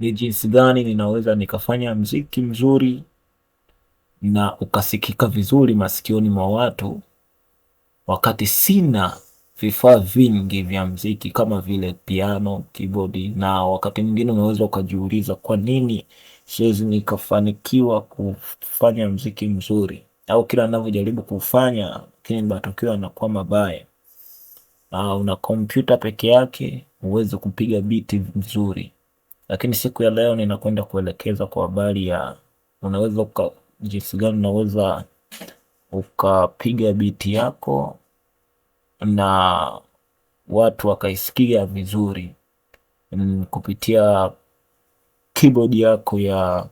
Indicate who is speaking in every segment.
Speaker 1: ni jinsi gani ninaweza nikafanya mziki mzuri na ukasikika vizuri masikioni mwa watu, wakati sina vifaa vingi vya mziki kama vile piano, kibodi. Na wakati mwingine unaweza ukajiuliza kwa nini siwezi nikafanikiwa kufanya mziki mzuri, au kila ninavyojaribu kufanya, lakini matokeo yanakuwa mabaya. Ah, una kompyuta peke yake huwezi kupiga biti vizuri. Lakini siku ya leo ninakwenda kuelekeza kwa habari ya unaweza jinsi gani unaweza ukapiga biti yako na watu wakaisikia vizuri mm, kupitia keyboard yako ya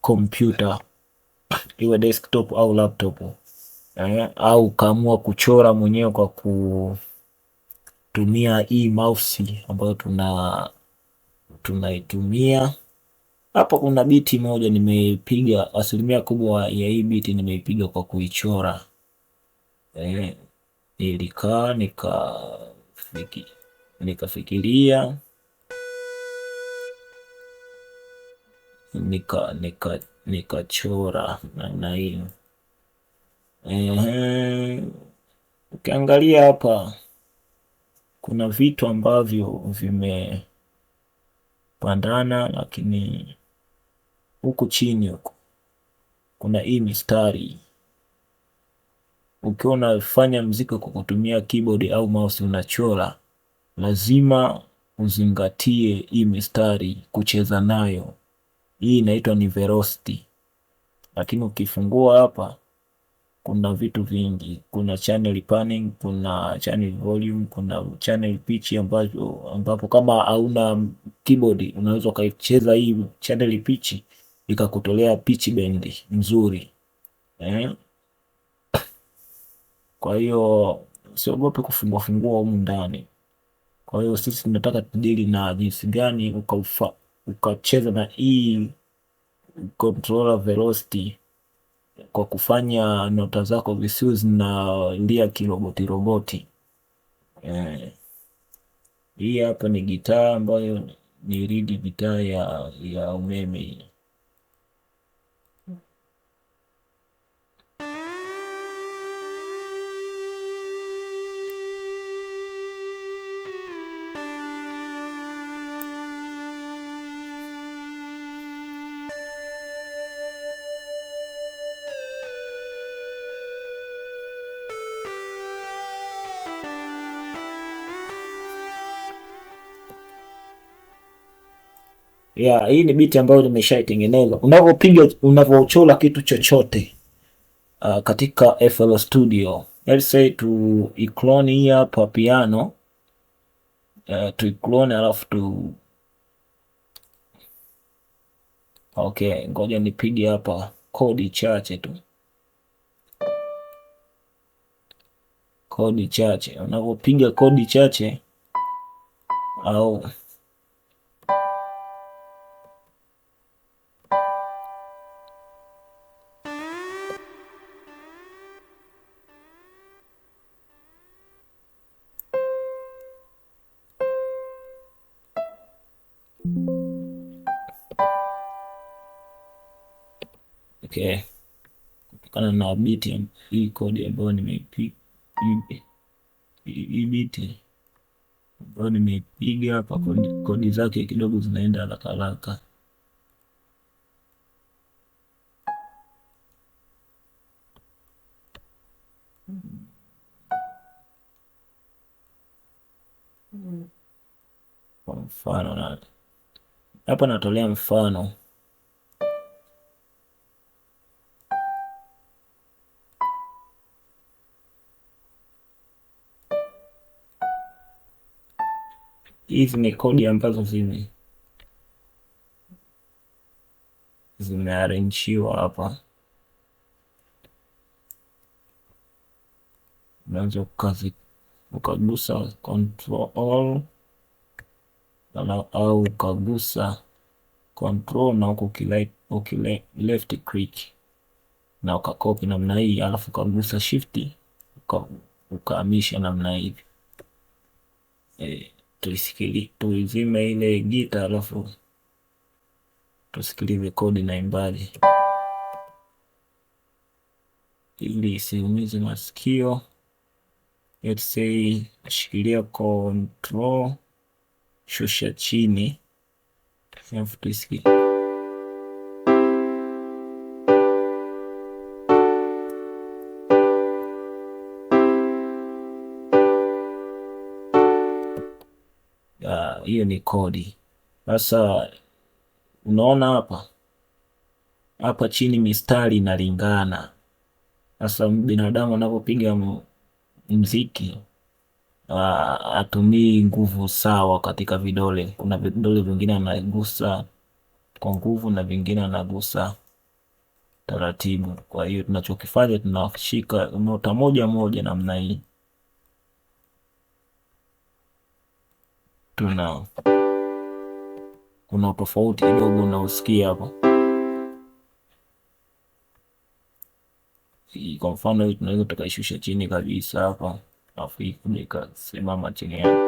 Speaker 1: kompyuta iwe desktop au laptop eh, au ukaamua kuchora mwenyewe kwa kutumia hii mouse ambayo tuna tunaitumia hapa. Kuna biti moja nimeipiga, asilimia kubwa ya hii biti nimeipiga kwa kuichora e, nilikaa nikafikiria nika nika nika nikachora namna hiyo. eh. ukiangalia hapa kuna vitu ambavyo vime pandana, lakini huku chini huku kuna hii mistari. Ukiwa unafanya mziki kwa kutumia keyboard au mouse, unachora, lazima uzingatie hii mistari kucheza nayo. Hii inaitwa ni velocity, lakini ukifungua hapa kuna vitu vingi, kuna channel panning, kuna channel volume, kuna channel pitch, ambazo ambapo kama hauna keyboard unaweza ukaicheza hii channel pitch ikakutolea pitch bend nzuri eh? Kwa hiyo usiogope kufungua fungua humu ndani. Kwa hiyo sisi tunataka tudili na jinsi gani ukacheza na hii controller velocity kwa kufanya nota zako visiwe zinalia kiroboti roboti. Eh, hii hapa ni gitaa ambayo ni ridi gitaa ya, ya umeme. ya hii ni biti ambayo nimeshaitengeneza. Unavyopiga, unavyochora kitu chochote uh, katika FL Studio, let's say tu iclone hii hapa piano uh, tu iclone alafu tu okay, ngoja nipige hapa kodi chache tu, kodi chache. unavyopiga kodi chache au Okay. Kutokana na biti hii kodi ambayo nimeipiga hii biti ambayo nimeipiga hapa, kodi zake kidogo zinaenda haraka haraka. Kwa mfano hapa natolea mfano hizi ni kodi ambazo zime zimearenjiwa hapa, unaweza ukazi ukagusa control all au ukagusa control na uko ukileft click na ukakopi namna hii, alafu ukagusa shift ukahamisha namna hivi eh tuisikili tuizime ile gita alafu tusikilize kodi imbali ili isiumize masikio. Let's say shikilia control, shusha chini, alafu tuisikilize. hiyo ni kodi. Sasa unaona hapa hapa chini mistari inalingana. Sasa binadamu anapopiga mziki ah, atumii nguvu sawa katika vidole. Kuna vidole vingine anagusa kwa nguvu na vingine anagusa taratibu. Kwa hiyo tunachokifanya tunashika nota moja moja namna hii. tuna kuna utofauti kidogo unaosikia hapa. Kwa mfano hii tunaweza tukaishusha chini kabisa hapa, alafu hii kuja ikasimama chini yake,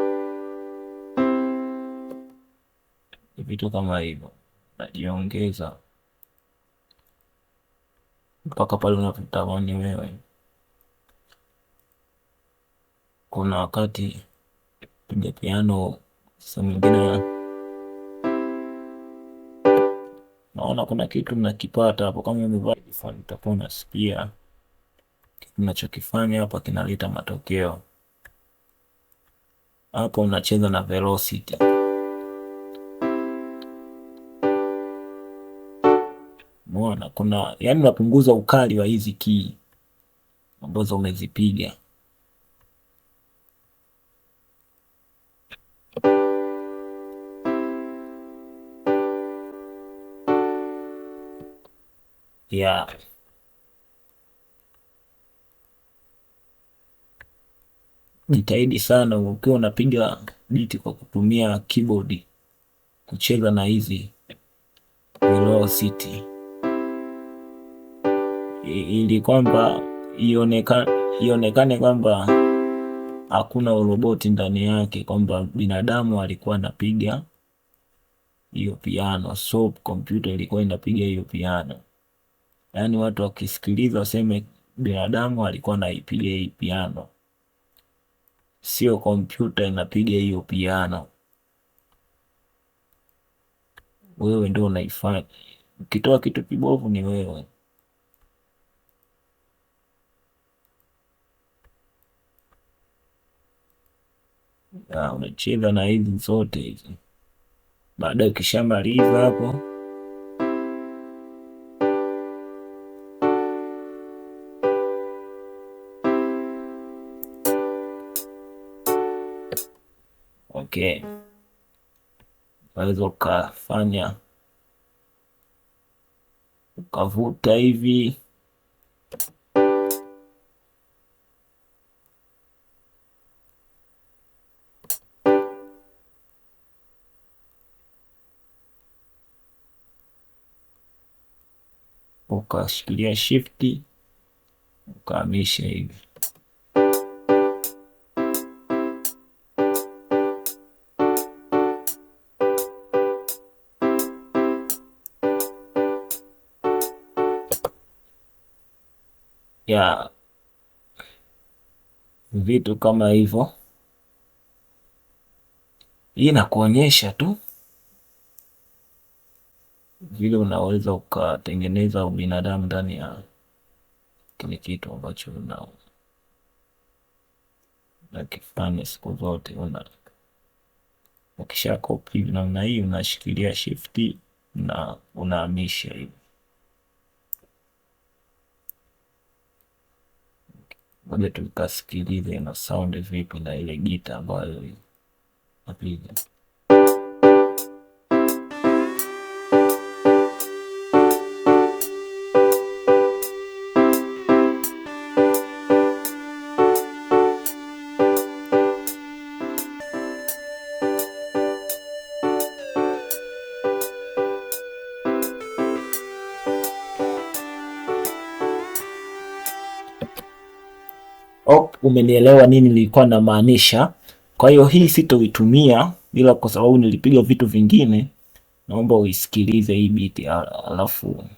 Speaker 1: vitu kama hivyo, najiongeza mpaka pale unavitamani wewe. Kuna wakati piga piano sasa mwingine naona kuna kitu mnakipata hapo, kama umevaa headphone utakuwa unasikia kitu nachokifanya hapa kinaleta matokeo hapo. Unacheza na velocity mwana, kuna yani unapunguza ukali wa hizi kii ambazo umezipiga. ya jitahidi sana ukiwa unapiga biti kwa kutumia keyboard kucheza na hizi velocity ili kwamba ionekane ionekane kwamba hakuna uroboti ndani yake, kwamba binadamu alikuwa anapiga hiyo piano, so kompyuta ilikuwa inapiga hiyo piano yaani watu wakisikiliza waseme binadamu alikuwa anaipiga hii piano, sio kompyuta inapiga hiyo piano, wewe ndio unaifanya. Ukitoa kitu kibovu ni wewe. Ah, unacheza na hizi zote hizi, baadaye ukishamaliza hapo pekee. Unaweza ukafanya ukavuta hivi ukashikilia shifti ukaamisha hivi. ya vitu kama hivyo. Hii inakuonyesha tu vile unaweza ukatengeneza ubinadamu ndani ya kile kitu ambacho una nakifanya siku zote. Ukisha kopi namna hii, unashikilia shifti na unahamisha hivi. moja, tukasikilize na sound vipi na ile gita ambayo napiga. Hope umenielewa nini nilikuwa namaanisha. Kwa hiyo hii sitoitumia, ila kwa sababu nilipiga vitu vingine, naomba uisikilize hii beat, alafu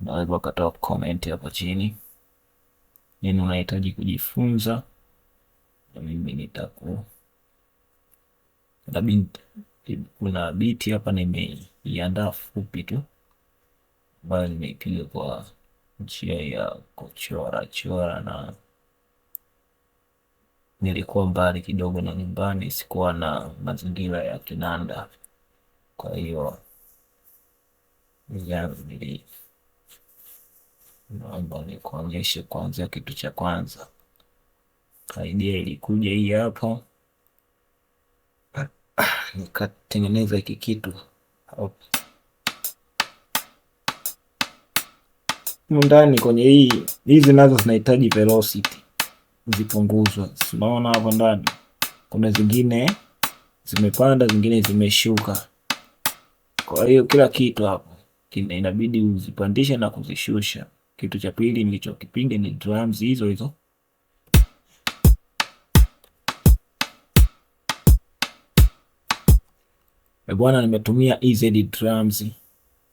Speaker 1: naweza ukatoa comment hapo chini nini unahitaji kujifunza, na mimi nitaku kuna biti hapa nimeiandaa fupi tu ambayo nimeipiga kwa njia ya kuchora chora na nilikuwa mbali kidogo na nyumbani, sikuwa na mazingira ya kinanda. Kwa hiyo naomba nikuonyeshe kuanzia kitu cha kwanza. Idea ilikuja hii hapa, nikatengeneza hiki kitu ndani kwenye hii. Hizi nazo zinahitaji velocity zipunguzwa. Unaona hapo ndani kuna zingine zimepanda, zingine zimeshuka. Kwa hiyo kila kitu hapo inabidi uzipandishe na kuzishusha. Kitu cha pili nilichokipiga ni drums hizo hizo e bwana, nimetumia EZ drums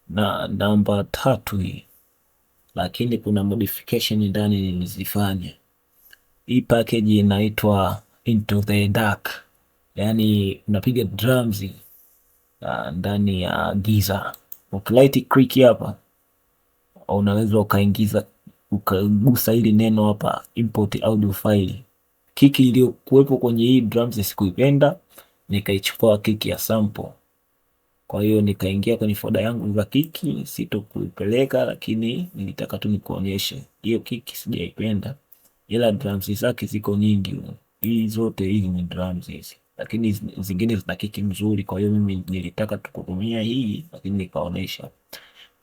Speaker 1: na namba tatu hii, lakini kuna modification ndani nilizifanya. Hii package inaitwa Into the Dark, yani unapiga drums uh, ndani ya giza. Ukilaiti click hapa, unaweza ukaingiza ukagusa hili neno hapa import audio file. Kiki iliyokuwepo kwenye hii drums sikuipenda, nikaichukua kiki ya sample. Kwa hiyo nikaingia kwenye foda yangu za kiki, sito kuipeleka, lakini nilitaka tu nikuonyeshe hiyo kiki sijaipenda ila drums zake ziko nyingi. Hii zote hizi ni drums hizi, lakini zingine zina kiki mzuri. Kwa hiyo mimi nilitaka tukutumia hii, lakini nikaonesha,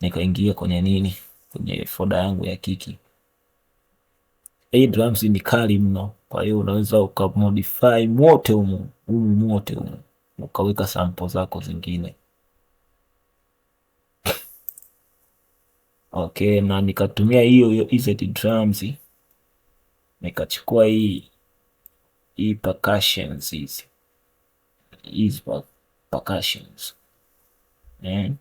Speaker 1: nikaingia kwenye nini, kwenye foda yangu ya kiki. Hii drums ni kali mno, kwa hiyo unaweza ukamodify mote humu humu mote humu ukaweka sample zako zingine. Okay, na nikatumia hiyo hiyo hizo drums nikachukua hii hii percussions hizi hizi percussions eh,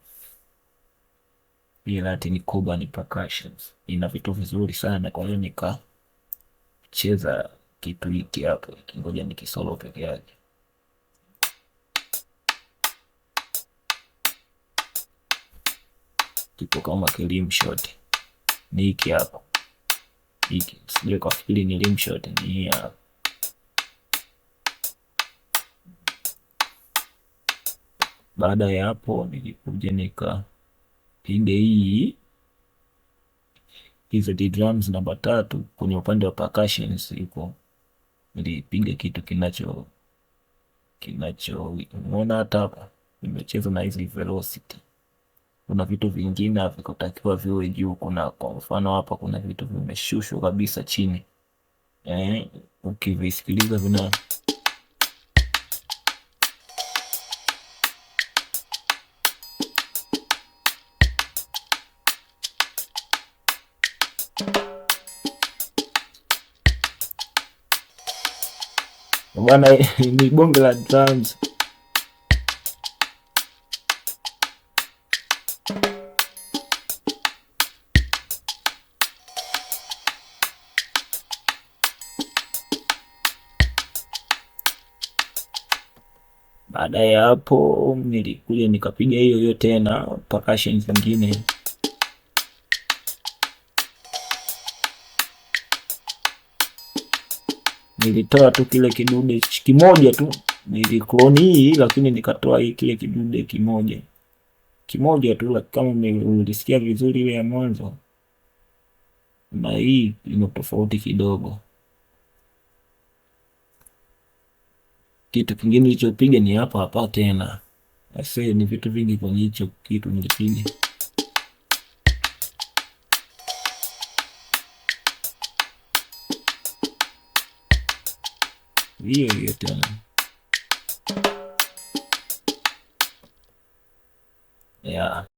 Speaker 1: hii Latin Cuba ni percussions, ina vitu vizuri sana. Kwa hiyo nikacheza kitu hiki hapo, kingoja nikisolo peke yake. Kipo kama kilim shot ni hiki hapo kwa kafikiri ni rimshot ni hapa. Baada ya hapo, nilikuja nikapiga hii hizo drums namba tatu kwenye upande wa percussions iko nilipiga kitu kinacho kinacho, unaona hata hapa nimecheza na hizi velocity kuna vitu vingine havikotakiwa viwe juu. Kuna kwa mfano hapa kuna vitu vimeshushwa kabisa chini eh, ukivisikiliza vina bwana ni bonge la drums. Baada ya hapo nilikuja nikapiga hiyo hiyo tena percussion zingine. Nilitoa tu kile kidude kimoja tu, nilikloni hii lakini nikatoa hii kile kidude kimoja kimoja tu, kama ulisikia vizuri ile ya mwanzo, na hii ina tofauti kidogo. Kitu kingine nilichopiga ni hapa hapa tena. Ase, ni vitu vingi kwenye hicho kitu nilipiga. Hiyo hiyo tena yeah.